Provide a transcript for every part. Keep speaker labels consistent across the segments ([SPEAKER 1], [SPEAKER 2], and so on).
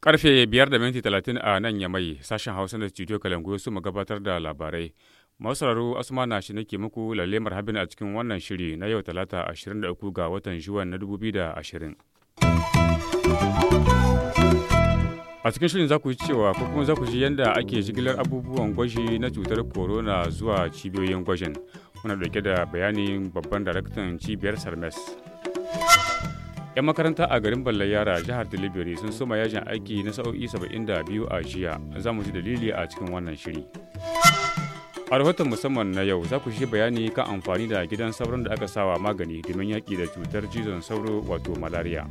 [SPEAKER 1] Karfe biyar da minti talatin a nan yamai sashen Hausa da studio Kalangu su mu gabatar da labarai. Masararu Asma na shi nake muku lalle marhabin a cikin wannan shiri na yau talata 23 ga watan Juwan na 2020. a cikin shirin za ku ji cewa ko kuma za ku ji yadda ake jigilar abubuwan gwaji na cutar corona zuwa cibiyoyin gwajin muna dauke da bayanin babban daraktan cibiyar sarmes yan makaranta a garin balla yara jihar delivery sun soma yajin aiki na sa'o'i biyu a jiya za mu ji dalili a cikin wannan shiri a rahoton musamman na yau za ku shi bayani kan amfani da gidan sauran da aka sawa magani domin yaƙi da cutar cizon sauro wato malaria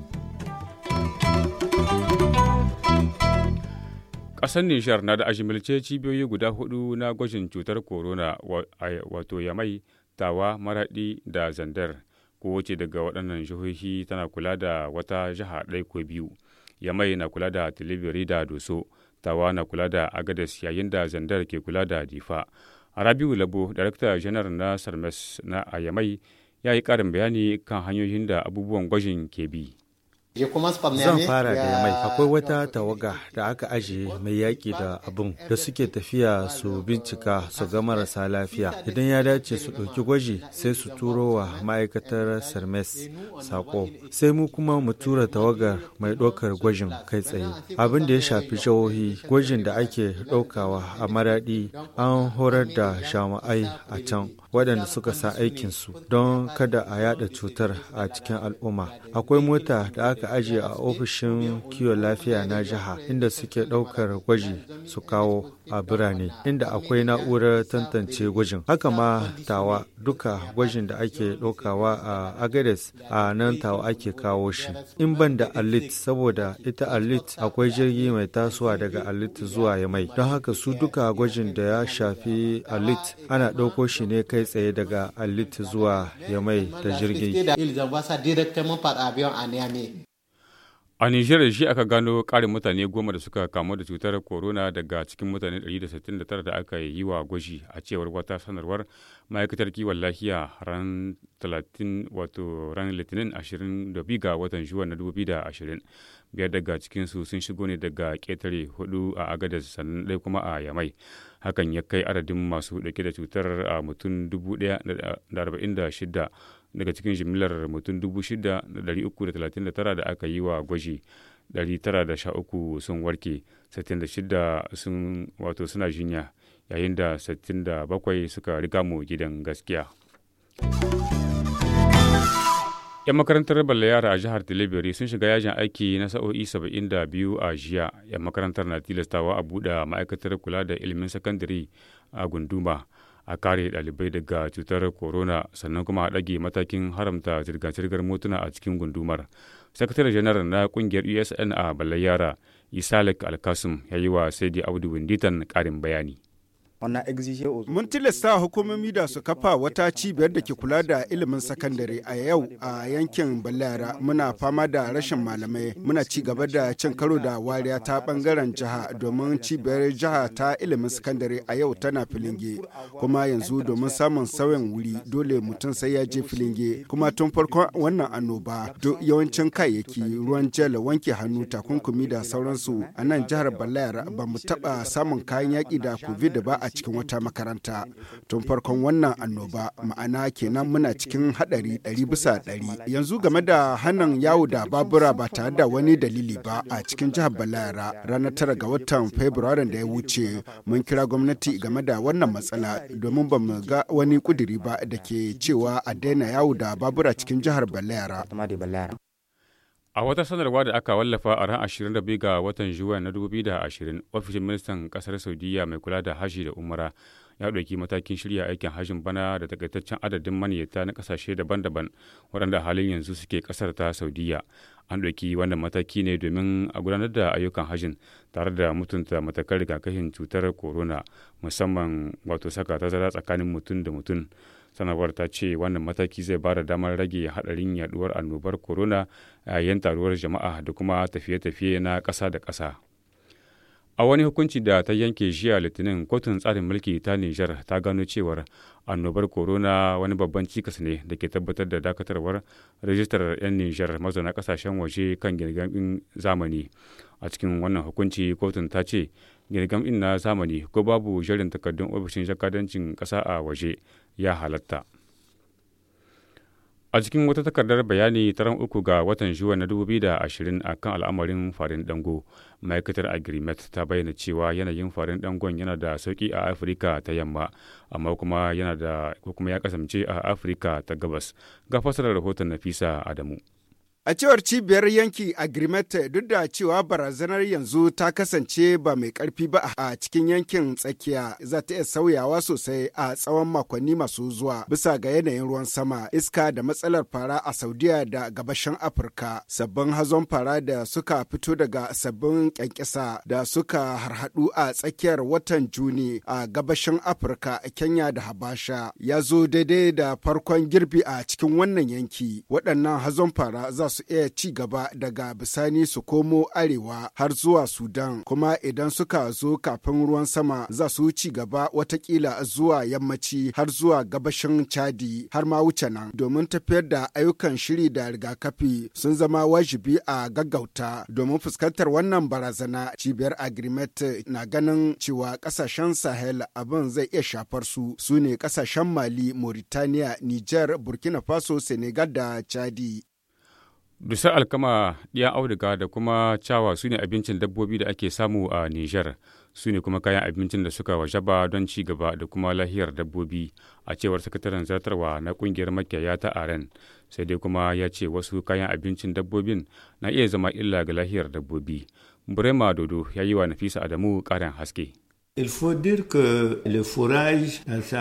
[SPEAKER 1] ƙasar Nijar na da ajimilce cibiyoyi guda hudu na gwajin cutar corona wato yamai, tawa, maraɗi da zandar. Kowace daga waɗannan jihohi tana kula da wata jiha ɗai ko biyu. Yamai na kula da Tilibiri da Doso, tawa na kula da agades yayin da zandar ke kula da Difa. arabi'u Labo, Darakta Janar na Sarmes na yamai ya yi karin bayani kan hanyoyin da abubuwan gwajin ke bi.
[SPEAKER 2] Zan fara da mai
[SPEAKER 1] akwai wata tawaga da aka ajiye mai yaƙi
[SPEAKER 2] da abin da suke tafiya su bincika su ga marasa lafiya. Idan ya dace su ɗauki gwaji sai su turo wa ma'aikatar Sarmes sako. Sai mu kuma mu tura tawagar mai ɗaukar gwajin kai tsaye. Abin da ya shafi jihohi gwajin da ake ɗaukawa a maraɗi an horar da shama'ai a can. waɗanda suka sa aikinsu don kada a yada cutar a cikin al'umma. Akwai mota da aka ajiye a ofishin kiwon lafiya na jiha inda suke ɗaukar gwaji su kawo a birane inda akwai na'urar tantance gwajin. Haka ma tawa duka gwajin da ake ɗaukawa a Agades a nan tawa ake kawo shi. In ban da Alit saboda ita Alit akwai jirgi mai tasowa daga Alit zuwa Yamai. Don haka su duka gwajin da ya shafi Alit ana ɗauko shi ne kai kai tsaye
[SPEAKER 1] daga Alit zuwa Yamai ta jirgin. A Nijar shi aka gano ƙarin mutane goma da suka kamu da cutar corona daga cikin mutane 169 da aka yi wa gwaji a cewar wata sanarwar ma'aikatar kiwon lafiya ran 30 wato ran litinin 22 ga watan juwa na 2020 biyar daga cikinsu sun shigo ne daga ƙetare hudu a agadas sannan ɗaya kuma a yamai hakan ya kai adadin masu ɗauke da cutar a mutum 1,046 daga cikin jimillar mutum 6,339 da aka yi wa gwaji 913 sun warke 66 sun wato suna jinya yayin da 67 suka riga mu gidan gaskiya. 'Yan makarantar balla yara a jihar delivery sun shiga yajin aiki na sa'o'i 72 a jiya. 'Yan makarantar na tilastawa a buɗe ma'aikatar kula da ilimin sakandare a gunduma. a kare ɗalibai daga cutar corona sannan kuma a ɗage matakin haramta zirga-zirgar motuna a cikin gundumar sakatare janar na ƙungiyar usn a balayara isalik alkasim ya yi wa saidi abdu winditan karin bayani
[SPEAKER 3] Mun tilasta hukumomi da su kafa wata cibiyar da ke kula da ilimin sakandare a yau a yankin Ballara muna fama da rashin malamai muna ci gaba da cin karo da wariya ta bangaren jiha domin cibiyar jiha ta ilimin sakandare a yau tana filinge kuma yanzu domin samun sauyin wuri dole mutum sai ya je filinge kuma tun farkon wannan annoba yawancin kayayyaki ruwan jel wanke hannu takunkumi da sauransu a nan jihar Balara ba mu taɓa samun kayan yaƙi da covid ba a cikin wata makaranta tun farkon wannan annoba ma'ana kenan muna cikin haɗari ɗari bisa ɗari yanzu game da hanan yawo da babura ba tare da wani dalili ba a cikin jihar balara ranar tara ga watan fabrairun da ya wuce mun kira gwamnati game da wannan matsala domin ba mu ga wani ƙuduri ba da ke cewa a daina yawo da babura cikin jihar balara
[SPEAKER 1] A wata sanarwa da aka wallafa a ran 22 ga watan Juwan na 2020, ofishin ministan kasar Saudiya mai kula da haji da umara ya ɗauki matakin shirya aikin hajjin bana da takaitaccen adadin maniyyata na kasashe daban-daban waɗanda halin yanzu suke kasar ta Saudiya. An ɗauki wannan mataki ne domin a gudanar da ayyukan hajjin tare da mutunta matakan rigakafin cutar corona musamman wato saka tazara tsakanin mutum da mutum. sanarwar ta ce wannan mataki zai bada damar rage hadarin yaduwar annobar corona yayin taruwar jama'a da kuma tafiye-tafiye na ƙasa da ƙasa a wani hukunci da ta yanke jiya litinin kotun tsarin mulki ta nijar ta gano cewar annobar corona wani babban cikas ne da ke tabbatar da dakatarwar rajistar 'yan nijar mazauna kasashen waje kan girgin zamani a cikin wannan hukunci kotun ta ce girgam in na zamani ko babu shirin takardun ofishin jakadancin ƙasa a waje ya halatta. A cikin wata takardar bayani taron uku ga watan Juwa na 2020 a kan al'amarin farin dango, ma'aikatar Agrimet ta bayyana cewa yanayin farin dangon yana da sauƙi a Afirka ta yamma, amma kuma yana da kuma ya kasance a Afirka ta gabas. Ga fasarar rahoton Nafisa Adamu. A cewar cibiyar
[SPEAKER 3] yanki agrimeta duk da cewa barazanar yanzu ta kasance ba mai ƙarfi ba a cikin yankin tsakiya za ta iya sauyawa sosai a tsawon makonni masu zuwa bisa ga yanayin ruwan sama iska da matsalar fara a Saudiya da gabashin Afirka sabbin hazon fara da suka fito daga sabbin kyankyasa da suka harhaɗu a tsakiyar watan Juni a gabashin Afirka Kenya da Habasha ya zo daidai da farkon girbi a cikin wannan yanki waɗannan hazon fara za su iya ci gaba daga bisani su komo arewa har zuwa Sudan kuma idan suka zo kafin ruwan sama za su ci gaba watakila zuwa yammaci har zuwa gabashin Chadi har ma wuce nan domin tafiyar da ayyukan shiri da rigakafi sun zama wajibi a gaggauta domin fuskantar wannan barazana cibiyar agrimet na ganin cewa kasashen sahel abin zai iya shafar su su ne kasashen mali mauritania niger burkina faso senegal da chadi
[SPEAKER 1] Dusar alkama, ɗiyan auduga da kuma cawa su ne abincin dabbobi da ake samu a Nijar. Su ne kuma kayan abincin da suka wajaba don ci gaba da kuma lahiyar dabbobi a cewar sakataren zartarwa na kungiyar makiyaya ta Aren. Sai dai kuma ya ce wasu kayan abincin dabbobin na iya zama illa ga lahiyar dabbobi. Burema Dodo ya yi wa Nafisa Adamu ƙarin haske.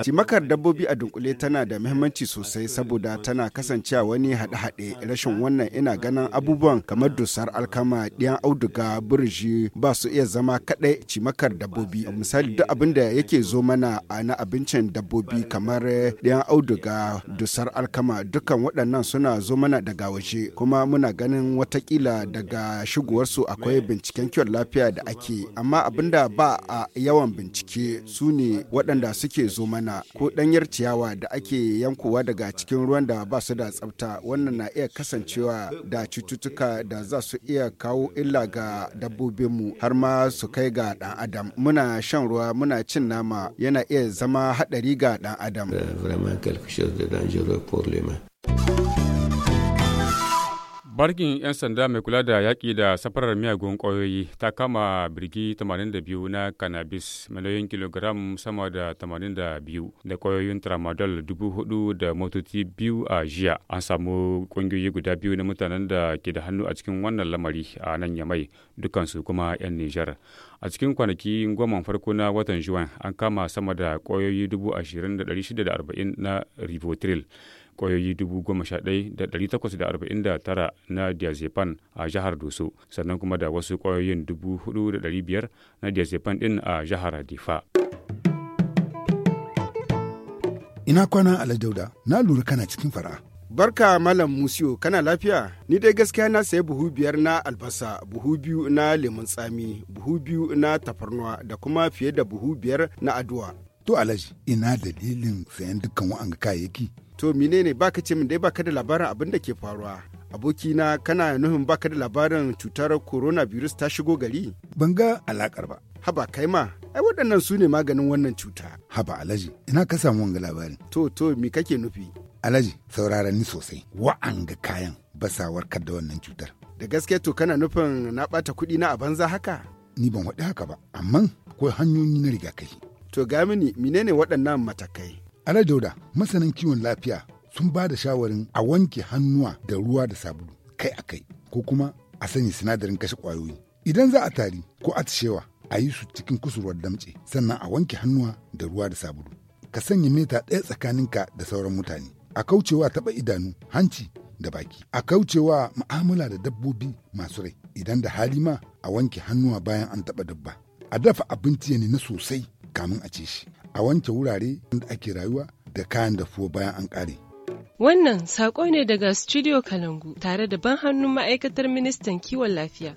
[SPEAKER 3] Cimakar dabbobi a dunkule tana da muhimmanci sosai saboda tana kasancewa wani haɗe-haɗe rashin wannan ina ganin abubuwan kamar dusar alkama ɗiyan auduga burji ba su iya zama kaɗai cimakar dabbobi. Misali duk abin da yake zo mana a na abincin dabbobi kamar ɗiyan auduga dusar alkama dukkan waɗannan suna zo mana daga waje kuma muna ganin watakila daga shigowarsu akwai binciken kiwon lafiya da ake amma abin da ba a yawan yawan bincike su ne waɗanda suke zo mana ko ɗanyar ciyawa da ake yankowa daga cikin ruwan da ba su da tsafta wannan na iya kasancewa da cututtuka da za su iya kawo illa ga dabbobinmu har ma su kai ga ɗan adam muna shan ruwa muna cin nama yana iya zama haɗari ga ɗan adam. Eh,
[SPEAKER 1] Barkin 'yan sanda mai kula da yaƙi da safarar miyagun ƙwayoyi ta kama birgi 82 na cannabis miliyoyin kilogram sama da 82 da ƙwayoyin tramadol 4,000 da motoci biyu a jiya. An samu ƙungiyoyi guda biyu na mutanen da ke da hannu a cikin wannan lamari a nan Yamai dukansu kuma 'yan Nijar. A cikin kwanaki goma farko na watan Juwan an kama sama da ƙwayoyi 20,640 na Rivotril. kwayoyi 11,849 na diazepan a jihar doso sannan kuma da wasu kwayoyin 4,500 na diazepan din a jihar difa
[SPEAKER 4] ina kwana aladauda na lura kana cikin fara
[SPEAKER 3] Barka Malam Musiyo, kana lafiya? Ni dai gaskiya na sayi buhu biyar na albasa, buhu biyu na lemun tsami, buhu biyu na tafarnuwa da kuma fiye da buhu biyar na aduwa.
[SPEAKER 4] To Alhaji, ina dalilin sayan dukkan wa'anga kayayyaki?
[SPEAKER 3] to menene baka ce min dai baka da labarin abin da ke faruwa abokina kana nufin baka da labarin cutar coronavirus ta shigo gari ban ga alakar ba haba kai ma ai waɗannan su ne maganin wannan cuta
[SPEAKER 4] haba alhaji ina ka samu wanga labarin
[SPEAKER 3] to to me kake
[SPEAKER 4] nufi alhaji sauraron ni sosai wa'anga kayan basawar da wannan cutar
[SPEAKER 3] da gaske to kana nufin na bata kuɗi na a banza haka
[SPEAKER 4] ni ban waɗi haka ba amma akwai hanyoyi na rigakafi
[SPEAKER 3] to ga mini menene waɗannan matakai
[SPEAKER 4] Alajauda masanan kiwon lafiya sun ba da shawarin a wanke hannuwa da ruwa da sabulu kai a kai ko kuma a sanya sinadarin kashe kwayoyi, Idan za a tari ko a tashewa a yi su cikin kusurwar damtse sannan a wanke hannuwa da ruwa da sabulu. Ka sanya mita ɗaya tsakaninka da sauran mutane. A kaucewa taɓa idanu, hanci da baki. A kaucewa mu'amala da dabbobi masu rai. Idan da hali ma a wanke hannuwa bayan an taɓa dabba. A dafa abinci ya na sosai kamin a ci shi. a wanke wurare da ake rayuwa da kayan dafuwa bayan an
[SPEAKER 1] ƙare.
[SPEAKER 5] Wannan saƙo ne daga Studio Kalangu tare da ban hannun ma'aikatar ministan kiwon lafiya.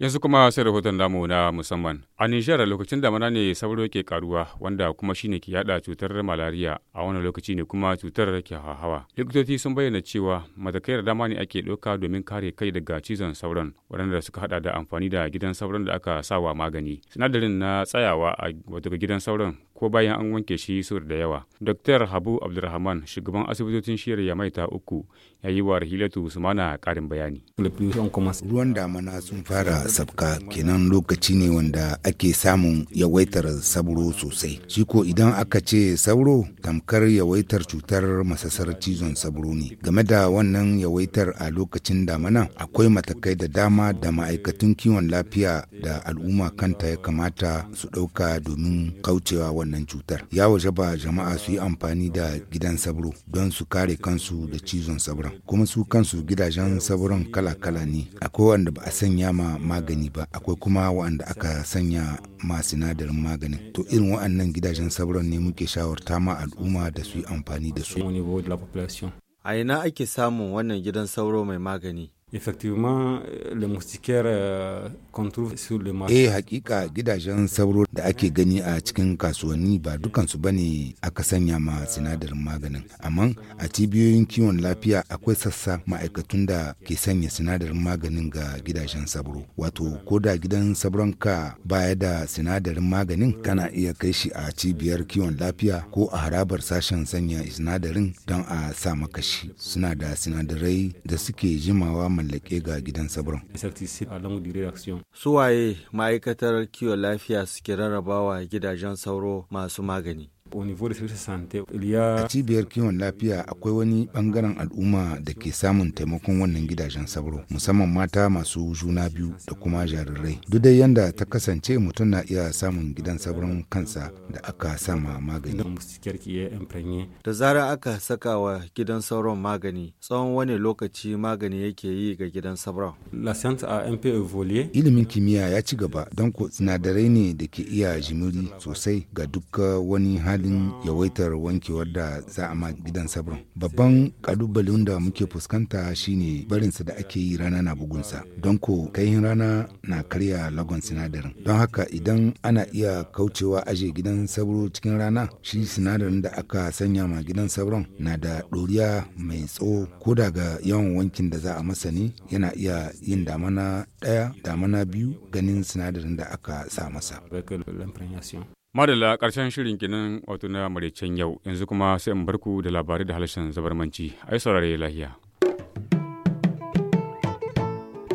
[SPEAKER 1] Yanzu kuma sai rahoton namu na musamman. A Nijar lokacin damana ne sauro ke karuwa wanda kuma shine ke yada cutar malariya a wani lokaci ne kuma cutar ke hawa. Likitoci sun bayyana cewa matakai da dama ne ake ɗauka domin kare kai daga cizon sauron waɗanda suka hada da amfani da gidan sauron da aka sawa magani. Sinadarin na tsayawa a wato gidan sauron ko bayan an wanke shi sau da yawa. Dr. Habu Abdulrahman shugaban asibitocin shiyar ya maita uku ya yi wa Rahilatu Sumana karin bayani. Ruwan damana sun fara
[SPEAKER 4] sabka kenan lokaci ne wanda ake samun yawaitar sabro sosai. Shi ko idan aka ce sabro tamkar yawaitar cutar masasar cizon sabro ne. Game da wannan yawaitar a lokacin damana akwai matakai da dama da ma'aikatan kiwon lafiya da al'umma kanta ya kamata su ɗauka domin kaucewa wannan cutar ya waje ba jama'a su yi amfani da gidan sabro don su kare kansu da cizon sabron kuma su kansu gidajen sabron kala-kala ne akwai wanda ba a sanya ma magani ba akwai kuma wanda aka sanya ma sinadarin maganin to irin wa'annan gidajen sabron ne muke shawarta ma al'umma da su yi amfani da su
[SPEAKER 2] a ina ake samun wannan gidan sauro mai magani Effectivement, le moustiquaire euh, qu'on trouve
[SPEAKER 4] sur le marché. Eh hakika gidajen sauro da ake gani a cikin kasuwanni ba dukansu bane aka sanya ma sinadarin maganin. Amma a cibiyoyin kiwon lafiya akwai sassa ma'aikatun da ke sanya sinadarin maganin ga gidajen sauro. Wato ko da gidan sabron ka baya da sinadarin maganin kana iya kai shi a cibiyar kiwon lafiya ko a harabar sashen sanya sinadarin don a sa maka shi. Suna da sinadarai da suke jimawa mallake ga gidan sabron. Suwaye
[SPEAKER 2] ma'aikatar kiwon lafiya suke rarrabawa gidajen sauro masu magani.
[SPEAKER 4] A cibiyar kiwon lafiya akwai wani bangaren al'umma da ke samun taimakon wannan gidajen sauro musamman mata masu juna biyu da kuma jarirai. Duk da yanda ta kasance mutum na iya samun gidan sauron kansa da aka sama magani.
[SPEAKER 2] Da zarar aka saka wa gidan sauron magani tsawon wani lokaci magani yake yi ga gidan sauron.
[SPEAKER 4] Ilimin kimiyya ya ci gaba don ko sinadarai ne da ke iya jimiri sosai ga duk wani hali halin yawaitar wankewar da za a ma gidan sabon babban kalubalen da muke fuskanta shine barinsa da ake yi rana na bugunsa don ko kayan rana na karya lagon sinadarin don haka idan ana iya kaucewa aje gidan sabro cikin rana shi sinadarin da aka sanya ma gidan sabron na da ɗoriya mai tsawo ko daga yawan wankin da za a masa ne yana iya yin damana ɗaya damana biyu ganin sinadarin da aka sa masa
[SPEAKER 1] Madalla ƙarshen shirin kinin wato na maraicen yau yanzu kuma sai in barku da labarai da harshen zabarmanci ai saurare lahiya.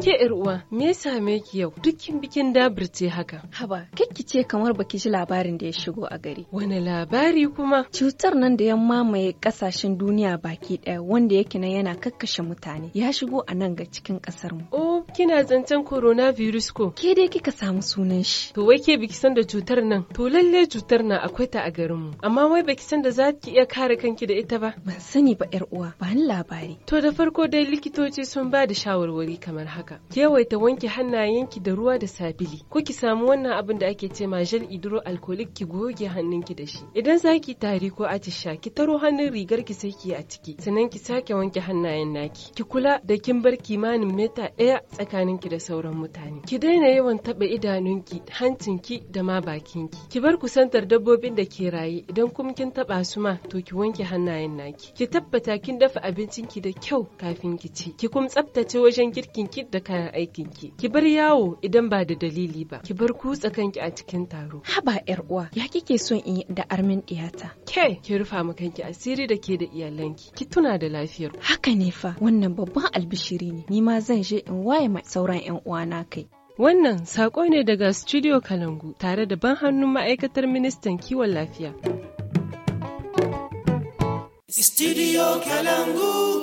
[SPEAKER 5] Ke yar uwa, me ya same ki yau? Dukkin bikin dabir ce haka. Haba, ki ce kamar baki ji labarin da ya shigo a gari. Wani labari kuma? Cutar nan da ya mamaye kasashen duniya baki ɗaya wanda yake nan yana kakkashe mutane. Ya shigo a nan ga cikin kasar mu. Oh, kina zancen virus ko? Ke dai kika samu sunan shi. To wai ke biki san da cutar nan? To lalle cutar nan akwai ta a garin mu. Amma wai baki san da za ki iya kare kanki da ita ba? Ban sani ba yar uwa, ba ni labari. To da farko dai likitoci sun ba da shawarwari kamar haka. haka kewaita wanke hannayenki da ruwa da sabili ko ki samu wannan abin da ake ce ma gel hydroalcoholic ki goge hannunki da shi idan za ki tari ko atisha ki taro hannun rigar ki sai ki yi a ciki sannan ki sake wanke hannayen naki ki kula da kin bar kimanin mita ɗaya tsakanin ki da sauran mutane ki daina yawan taɓa idanunki hancinki da ma bakinki ki bar kusantar dabbobin da ke raye idan kuma kin taɓa su ma to ki wanke hannayen naki ki tabbata kin dafa abincinki da kyau kafin ki ci ki kuma tsaftace wajen girkinki da kayan aikin ki ki bar yawo idan ba da dalili ba ki bar kutsa kanki a cikin taro haba yar uwa ya kike son in yi da armin diyata ke ki rufa ma kanki asiri da ke da iyalanki ki tuna da lafiyar haka ne fa wannan babban albishiri ne ni ma zan je in waye mai sauran yan uwana kai Wannan saƙo ne daga Studio Kalangu tare da ban hannun ma'aikatar ministan kiwon lafiya.
[SPEAKER 1] Studio Kalangu.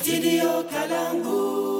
[SPEAKER 1] Studio
[SPEAKER 5] Kalangu.